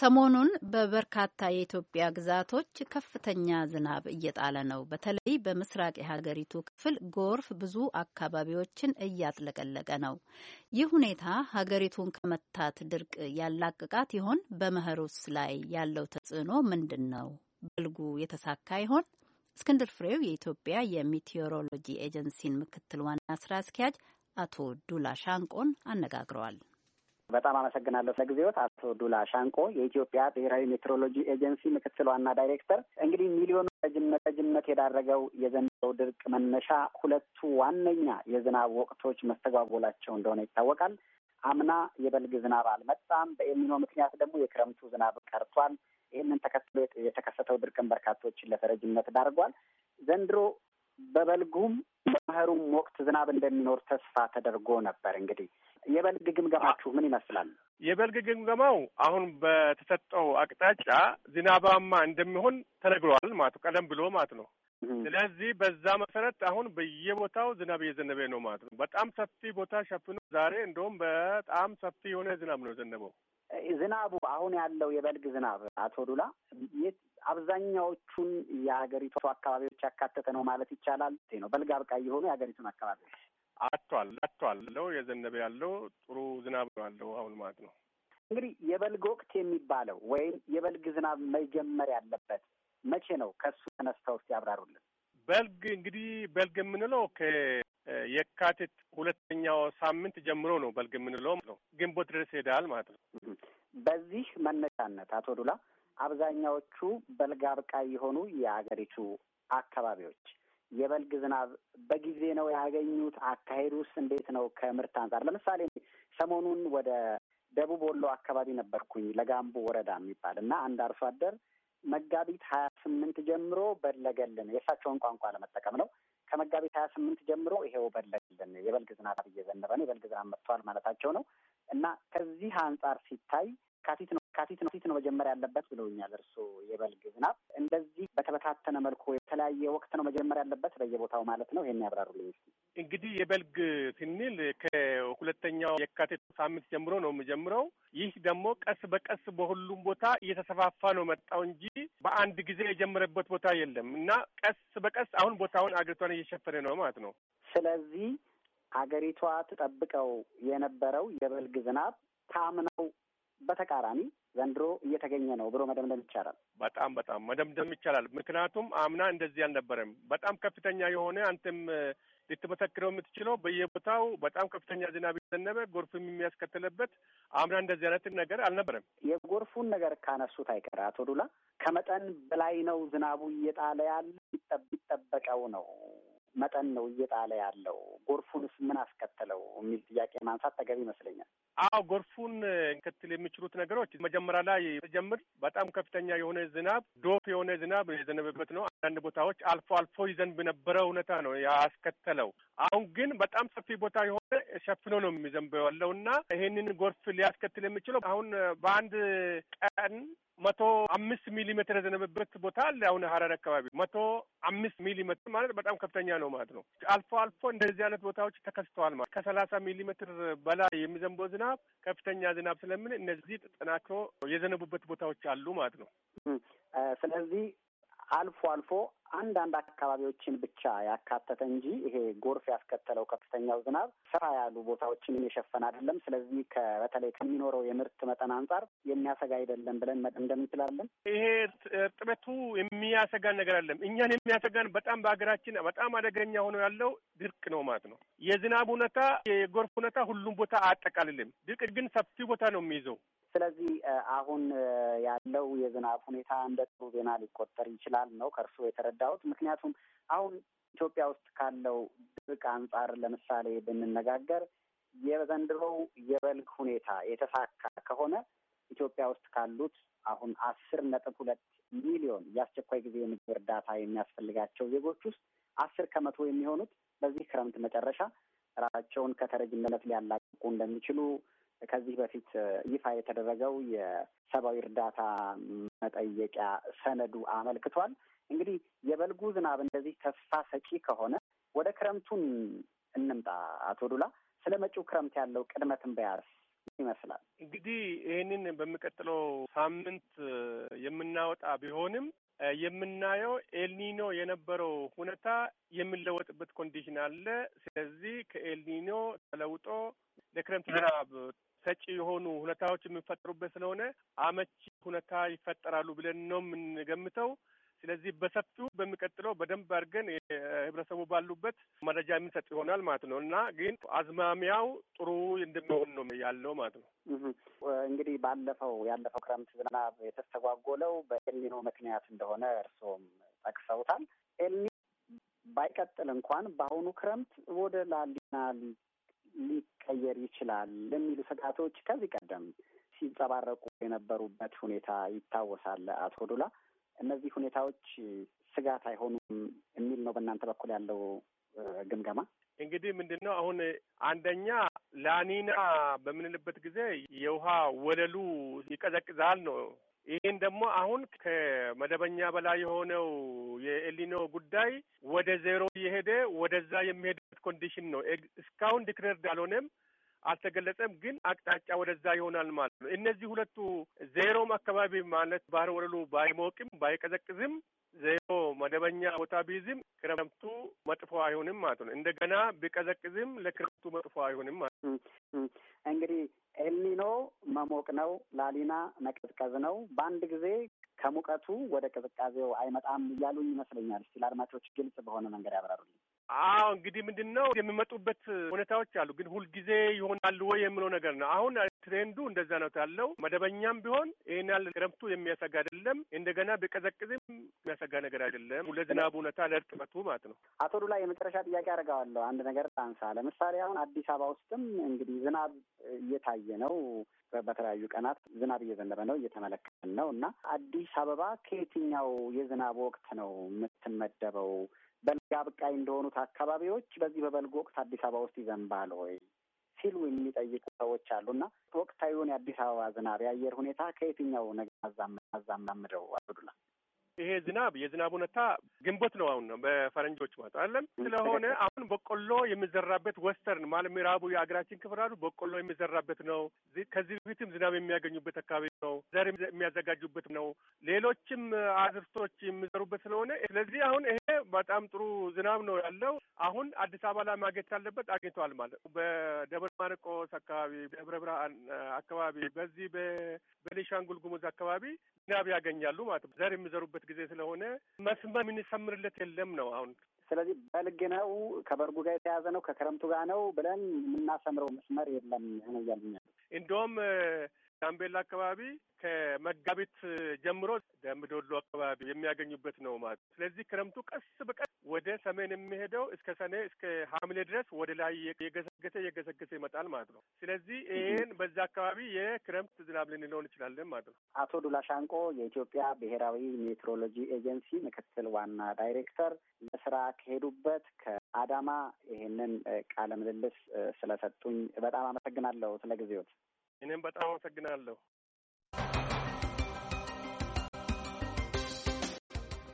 ሰሞኑን በበርካታ የኢትዮጵያ ግዛቶች ከፍተኛ ዝናብ እየጣለ ነው። በተለይ በምስራቅ የሀገሪቱ ክፍል ጎርፍ ብዙ አካባቢዎችን እያጥለቀለቀ ነው። ይህ ሁኔታ ሀገሪቱን ከመታት ድርቅ ያላቅቃት ይሆን? በመኸሩስ ላይ ያለው ተጽዕኖ ምንድን ነው? በልጉ የተሳካ ይሆን? እስክንድር ፍሬው የኢትዮጵያ የሚቴዎሮሎጂ ኤጀንሲን ምክትል ዋና ስራ አስኪያጅ አቶ ዱላ ሻንቆን አነጋግረዋል። በጣም አመሰግናለሁ ለጊዜዎት። አቶ ዱላ ሻንቆ የኢትዮጵያ ብሔራዊ ሜትሮሎጂ ኤጀንሲ ምክትል ዋና ዳይሬክተር። እንግዲህ ሚሊዮኑ ረጅምነት የዳረገው የዘንድሮው ድርቅ መነሻ ሁለቱ ዋነኛ የዝናብ ወቅቶች መስተጓጎላቸው እንደሆነ ይታወቃል። አምና የበልግ ዝናብ አልመጣም። በኤልኒኖ ምክንያት ደግሞ የክረምቱ ዝናብ ቀርቷል። ይህንን ተከትሎ የተከሰተው ድርቅን በርካቶችን ለተረጅነት ዳርጓል። ዘንድሮ በበልጉም በመኸሩም ወቅት ዝናብ እንደሚኖር ተስፋ ተደርጎ ነበር እንግዲህ የበልግ ግምገማችሁ ምን ይመስላል? የበልግ ግምገማው አሁን በተሰጠው አቅጣጫ ዝናባማ እንደሚሆን ተነግሯል ማለት ነው፣ ቀደም ብሎ ማለት ነው። ስለዚህ በዛ መሰረት አሁን በየቦታው ዝናብ እየዘነበ ነው ማለት ነው። በጣም ሰፊ ቦታ ሸፍኖ ዛሬ እንደውም በጣም ሰፊ የሆነ ዝናብ ነው የዘነበው። ዝናቡ አሁን ያለው የበልግ ዝናብ አቶ ዱላ አብዛኛዎቹን የሀገሪቱ አካባቢዎች ያካተተ ነው ማለት ይቻላል ነው። በልግ አብቃይ የሆኑ የሀገሪቱን አካባቢዎች አቷል አቷል ለው የዘነበ ያለው ጥሩ ዝናብ ያለው አሁን ማለት ነው። እንግዲህ የበልግ ወቅት የሚባለው ወይም የበልግ ዝናብ መጀመር ያለበት መቼ ነው? ከሱ ተነስተው ውስጥ ያብራሩልን። በልግ እንግዲህ በልግ የምንለው ከየካቲት ሁለተኛው ሳምንት ጀምሮ ነው። በልግ የምንለው ነው ግንቦት ድረስ ይሄዳል ማለት ነው። በዚህ መነሻነት አቶ ዱላ አብዛኛዎቹ በልግ አብቃይ የሆኑ የአገሪቱ አካባቢዎች የበልግ ዝናብ በጊዜ ነው ያገኙት? አካሄዱስ እንዴት ነው? ከምርት አንጻር ለምሳሌ ሰሞኑን ወደ ደቡብ ወሎ አካባቢ ነበርኩኝ ለጋምቦ ወረዳ የሚባል እና አንድ አርሶ አደር መጋቢት ሀያ ስምንት ጀምሮ በለገልን የእሳቸውን ቋንቋ ለመጠቀም ነው። ከመጋቢት ሀያ ስምንት ጀምሮ ይሄው በለገልን የበልግ ዝናብ እየዘነበ ነው የበልግ ዝናብ መጥቷል ማለታቸው ነው እና ከዚህ አንጻር ሲታይ ካቲት ነው ካቲት ነው ፊት ነው መጀመሪያ ያለበት ብለውኛል። እርስዎ የበልግ ዝናብ እንደዚህ በተበታተነ መልኩ የተለያየ ወቅት ነው መጀመሪያ ያለበት በየቦታው ማለት ነው። ይሄን ያብራሩልኝ። እንግዲህ የበልግ ስንል ከሁለተኛው የካቲት ሳምንት ጀምሮ ነው የምጀምረው። ይህ ደግሞ ቀስ በቀስ በሁሉም ቦታ እየተሰፋፋ ነው መጣው እንጂ በአንድ ጊዜ የጀመረበት ቦታ የለም እና ቀስ በቀስ አሁን ቦታውን አገሪቷን እየሸፈነ ነው ማለት ነው። ስለዚህ አገሪቷ ትጠብቀው የነበረው የበልግ ዝናብ ታምነው በተቃራኒ ዘንድሮ እየተገኘ ነው ብሎ መደምደም ይቻላል። በጣም በጣም መደምደም ይቻላል። ምክንያቱም አምና እንደዚህ አልነበረም። በጣም ከፍተኛ የሆነ አንተም ልትመሰክረው የምትችለው በየቦታው በጣም ከፍተኛ ዝናብ የዘነበ ጎርፍም የሚያስከትልበት አምና እንደዚህ አይነት ነገር አልነበረም። የጎርፉን ነገር ካነሱት አይቀር አቶ ዱላ ከመጠን በላይ ነው ዝናቡ እየጣለ ያለ ይጠበቀው ነው መጠን ነው እየጣለ ያለው? ጎርፉንስ ምን አስከተለው የሚል ጥያቄ ማንሳት ተገቢ ይመስለኛል። አዎ ጎርፉን እንክትል የሚችሉት ነገሮች መጀመሪያ ላይ ጀምር በጣም ከፍተኛ የሆነ ዝናብ ዶፍ የሆነ ዝናብ የዘነበበት ነው። አንዳንድ ቦታዎች አልፎ አልፎ ይዘንብ ነበረ እውነታ ነው ያስከተለው። አሁን ግን በጣም ሰፊ ቦታ የሆነ ሸፍኖ ነው የሚዘንበው ያለው እና ይሄንን ጎርፍ ሊያስከትል የሚችለው አሁን በአንድ ቀን መቶ አምስት ሚሊሜትር የዘነበበት ቦታ አለ። አሁን ሀረር አካባቢ መቶ አምስት ሚሊሜትር ማለት በጣም ከፍተኛ ነው ማለት ነው። አልፎ አልፎ እንደዚህ አይነት ቦታዎች ተከስተዋል ማለት ከሰላሳ ሚሊሜትር በላይ የሚዘንበው ዝናብ ከፍተኛ ዝናብ ስለምን እነዚህ ተጠናክሮ የዘነቡበት ቦታዎች አሉ ማለት ነው። ስለዚህ አልፎ አልፎ አንዳንድ አካባቢዎችን ብቻ ያካተተ እንጂ ይሄ ጎርፍ ያስከተለው ከፍተኛው ዝናብ ሰፋ ያሉ ቦታዎችን የሸፈነ አይደለም። ስለዚህ በተለይ ከሚኖረው የምርት መጠን አንጻር የሚያሰጋ አይደለም ብለን መደምደም እንችላለን። ይሄ እርጥበቱ የሚያሰጋን ነገር አለም። እኛን የሚያሰጋን በጣም በሀገራችን በጣም አደገኛ ሆኖ ያለው ድርቅ ነው ማለት ነው። የዝናብ ሁኔታ፣ የጎርፍ ሁኔታ ሁሉም ቦታ አያጠቃልልም። ድርቅ ግን ሰፊ ቦታ ነው የሚይዘው። ስለዚህ አሁን ያለው የዝናብ ሁኔታ እንደ ጥሩ ዜና ሊቆጠር ይችላል ነው ከእርስዎ የተረዳ የተረዳሁት። ምክንያቱም አሁን ኢትዮጵያ ውስጥ ካለው ድርቅ አንጻር ለምሳሌ ብንነጋገር የዘንድሮው የበልግ ሁኔታ የተሳካ ከሆነ ኢትዮጵያ ውስጥ ካሉት አሁን አስር ነጥብ ሁለት ሚሊዮን የአስቸኳይ ጊዜ የምግብ እርዳታ የሚያስፈልጋቸው ዜጎች ውስጥ አስር ከመቶ የሚሆኑት በዚህ ክረምት መጨረሻ ራሳቸውን ከተረጅነት ሊያላቅቁ እንደሚችሉ ከዚህ በፊት ይፋ የተደረገው የሰብአዊ እርዳታ መጠየቂያ ሰነዱ አመልክቷል። እንግዲህ የበልጉ ዝናብ እንደዚህ ተስፋ ሰጪ ከሆነ ወደ ክረምቱን እንምጣ። አቶ ዱላ ስለ መጪው ክረምት ያለው ቅድመ ትንበያ ይመስላል እንግዲህ ይህንን በሚቀጥለው ሳምንት የምናወጣ ቢሆንም የምናየው ኤልኒኖ የነበረው ሁኔታ የሚለወጥበት ኮንዲሽን አለ። ስለዚህ ከኤልኒኖ ተለውጦ ለክረምት ዝናብ ሰጪ የሆኑ ሁኔታዎች የምንፈጠሩበት ስለሆነ አመቺ ሁኔታ ይፈጠራሉ ብለን ነው የምንገምተው። ስለዚህ በሰፊው በሚቀጥለው በደንብ አድርገን ህብረተሰቡ ባሉበት መረጃ የምንሰጥ ይሆናል ማለት ነው እና ግን አዝማሚያው ጥሩ እንደሚሆን ነው ያለው ማለት ነው። እንግዲህ ባለፈው ያለፈው ክረምት ዝናብ የተስተጓጎለው በኤልኒኖ ምክንያት እንደሆነ እርስዎም ጠቅሰውታል። ኤልኒ ባይቀጥል እንኳን በአሁኑ ክረምት ወደ ላሊና ሊቀየር ይችላል የሚሉ ስጋቶች ከዚህ ቀደም ሲንጸባረቁ የነበሩበት ሁኔታ ይታወሳል። አቶ ዶላ እነዚህ ሁኔታዎች ስጋት አይሆኑም የሚል ነው በእናንተ በኩል ያለው ግምገማ? እንግዲህ ምንድን ነው አሁን አንደኛ ላኒና በምንልበት ጊዜ የውሃ ወለሉ ይቀዘቅዛል ነው። ይህን ደግሞ አሁን ከመደበኛ በላይ የሆነው የኤሊኖ ጉዳይ ወደ ዜሮ እየሄደ ወደዛ የሚሄድ ኮንዲሽን ነው። እስካሁን ዲክሌርድ አልሆነም፣ አልተገለጸም። ግን አቅጣጫ ወደዛ ይሆናል ማለት ነው። እነዚህ ሁለቱ ዜሮም አካባቢ ማለት ባህር ወለሉ ባይሞቅም ባይቀዘቅዝም ዜሮ መደበኛ ቦታ ቢይዝም ክረምቱ መጥፎ አይሆንም ማለት ነው። እንደገና ቢቀዘቅዝም ለክረምቱ መጥፎ አይሆንም ማለት ነው። እንግዲህ ኤልኒኖ መሞቅ ነው፣ ላሊና መቀዝቀዝ ነው። በአንድ ጊዜ ከሙቀቱ ወደ ቅዝቃዜው አይመጣም እያሉ ይመስለኛል። እስቲ ለአድማጮች ግልጽ በሆነ መንገድ ያብራሩልኝ። አዎ እንግዲህ ምንድን ነው የሚመጡበት ሁኔታዎች አሉ፣ ግን ሁልጊዜ ይሆናሉ ወይ የምለው ነገር ነው። አሁን ትሬንዱ እንደዛ ነው ያለው። መደበኛም ቢሆን ይህን ያህል ክረምቱ የሚያሰጋ አይደለም፣ እንደገና ቢቀዘቅዝም የሚያሰጋ ነገር አይደለም። ለዝናቡ ሁኔታ ለእርጥበቱ ማለት ነው። አቶ ዱላ የመጨረሻ ጥያቄ አደርገዋለሁ። አንድ ነገር አንሳ። ለምሳሌ አሁን አዲስ አበባ ውስጥም እንግዲህ ዝናብ እየታየ ነው። በተለያዩ ቀናት ዝናብ እየዘነበ ነው፣ እየተመለከትን ነው። እና አዲስ አበባ ከየትኛው የዝናብ ወቅት ነው የምትመደበው? በልግ አብቃይ እንደሆኑት አካባቢዎች በዚህ በበልግ ወቅት አዲስ አበባ ውስጥ ይዘንባል ወይ ሲሉ የሚጠይቁ ሰዎች አሉና ወቅታዊውን የአዲስ አበባ ዝናብ የአየር ሁኔታ ከየትኛው ነገር አዛምዳምደው አብዱላ? ይሄ ዝናብ የዝናብ ሁኔታ ግንቦት ነው። አሁን ነው በፈረንጆች ማለት ስለሆነ አሁን በቆሎ የሚዘራበት ወስተርን ማለት ምዕራቡ የሀገራችን ክፍል አሉ በቆሎ የሚዘራበት ነው። ከዚህ በፊትም ዝናብ የሚያገኙበት አካባቢ ነው፣ ዘር የሚያዘጋጁበት ነው፣ ሌሎችም አዝርቶች የሚዘሩበት ስለሆነ ስለዚህ አሁን ይሄ በጣም ጥሩ ዝናብ ነው ያለው። አሁን አዲስ አበባ ላይ ማግኘት ያለበት አግኝተዋል ማለት ነው። በደብረ ማርቆስ አካባቢ፣ ደብረ ብርሃን አካባቢ፣ በዚህ በቤኒሻንጉል ጉሙዝ አካባቢ ዝናብ ያገኛሉ ማለት ነው። ዘር የሚዘሩበት ጊዜ ስለሆነ መስመር የምንሰምርለት የለም ነው አሁን ስለዚህ በልግ ነው ከበርጉ ጋር የተያዘ ነው ከክረምቱ ጋር ነው ብለን የምናሰምረው መስመር የለም ነው እያሉኛል። እንደውም ጋምቤላ አካባቢ ከመጋቢት ጀምሮ ደምቢዶሎ አካባቢ የሚያገኙበት ነው ማለት። ስለዚህ ክረምቱ ቀስ በቀስ ወደ ሰሜን የሚሄደው እስከ ሰኔ እስከ ሐምሌ ድረስ ወደ ላይ የገሰገሰ የገሰገሰ ይመጣል ማለት ነው። ስለዚህ ይህን በዛ አካባቢ የክረምት ዝናብ ልንለውን እንችላለን ማለት ነው። አቶ ዱላ ሻንቆ የኢትዮጵያ ብሔራዊ ሜትሮሎጂ ኤጀንሲ ምክትል ዋና ዳይሬክተር ለስራ ከሄዱበት ከአዳማ ይሄንን ቃለ ምልልስ ስለሰጡኝ በጣም አመሰግናለሁ። ስለ ጊዜዎት እኔም በጣም አመሰግናለሁ